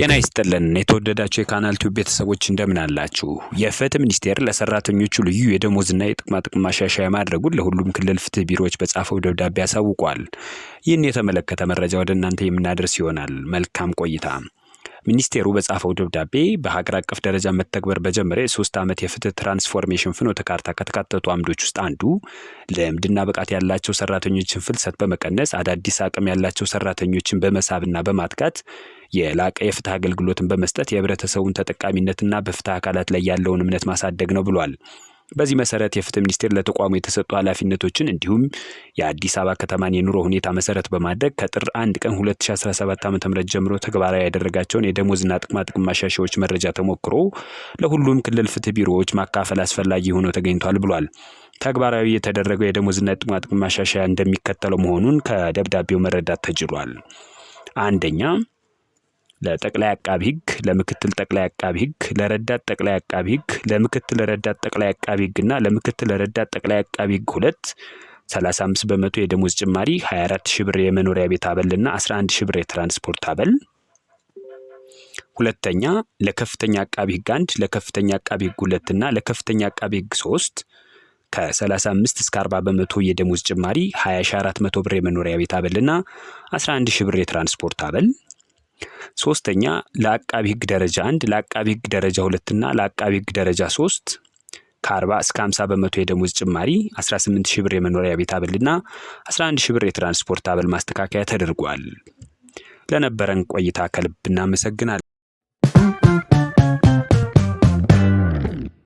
ጤና ይስጥልን የተወደዳቸው የካናል ቲዩብ ቤተሰቦች እንደምን አላችሁ? የፍትህ ሚኒስቴር ለሰራተኞቹ ልዩ የደሞዝና የጥቅማ ጥቅም ማሻሻያ ማድረጉን ለሁሉም ክልል ፍትህ ቢሮዎች በጻፈው ደብዳቤ አሳውቋል። ይህን የተመለከተ መረጃ ወደ እናንተ የምናደርስ ይሆናል። መልካም ቆይታ። ሚኒስቴሩ በጻፈው ደብዳቤ በሀገር አቀፍ ደረጃ መተግበር በጀመረ የሶስት ዓመት የፍትህ ትራንስፎርሜሽን ፍኖተ ካርታ ከተካተቱ አምዶች ውስጥ አንዱ ልምድና ብቃት ያላቸው ሰራተኞችን ፍልሰት በመቀነስ አዳዲስ አቅም ያላቸው ሰራተኞችን በመሳብና በማትጋት የላቀ የፍትህ አገልግሎትን በመስጠት የህብረተሰቡን ተጠቃሚነትና በፍትህ አካላት ላይ ያለውን እምነት ማሳደግ ነው ብሏል። በዚህ መሰረት የፍትህ ሚኒስቴር ለተቋሙ የተሰጡ ኃላፊነቶችን እንዲሁም የአዲስ አበባ ከተማን የኑሮ ሁኔታ መሰረት በማድረግ ከጥር አንድ ቀን 2017 ዓ ም ጀምሮ ተግባራዊ ያደረጋቸውን የደሞዝና ጥቅማጥቅም ማሻሻዎች መረጃ ተሞክሮ ለሁሉም ክልል ፍትህ ቢሮዎች ማካፈል አስፈላጊ ሆኖ ተገኝቷል ብሏል። ተግባራዊ የተደረገው የደሞዝና ጥቅማጥቅም ማሻሻያ እንደሚከተለው መሆኑን ከደብዳቤው መረዳት ተችሏል። አንደኛ ለጠቅላይ አቃቢ ህግ ለምክትል ጠቅላይ አቃቢ ህግ ለረዳት ጠቅላይ አቃቢ ህግ ለምክትል ረዳት ጠቅላይ አቃቢ ህግ እና ለምክትል ረዳት ጠቅላይ አቃቢ ህግ ሁለት 35 በመቶ የደሞዝ ጭማሪ 24 ሺህ ብር የመኖሪያ ቤት አበል እና 11 ሺህ ብር የትራንስፖርት አበል። ሁለተኛ ለከፍተኛ አቃቢ ህግ አንድ ለከፍተኛ አቃቢ ህግ ሁለት እና ለከፍተኛ አቃቢ ህግ ሶስት ከ35 እስከ 40 በመቶ የደሞዝ ጭማሪ 20400 ብር የመኖሪያ ቤት አበልና 11000 ብር የትራንስፖርት አበል ሶስተኛ ለአቃቢ ህግ ደረጃ አንድ ለአቃቢ ህግ ደረጃ ሁለት እና ለአቃቢ ህግ ደረጃ ሶስት ከ እስከ ሀምሳ በመቶ የደሞዝ ጭማሪ 18 ሺህ ብር የመኖሪያ ቤት አበልና 11 ሺህ ብር የትራንስፖርት አበል ማስተካከያ ተደርጓል። ለነበረን ቆይታ ከልብ እናመሰግናለን።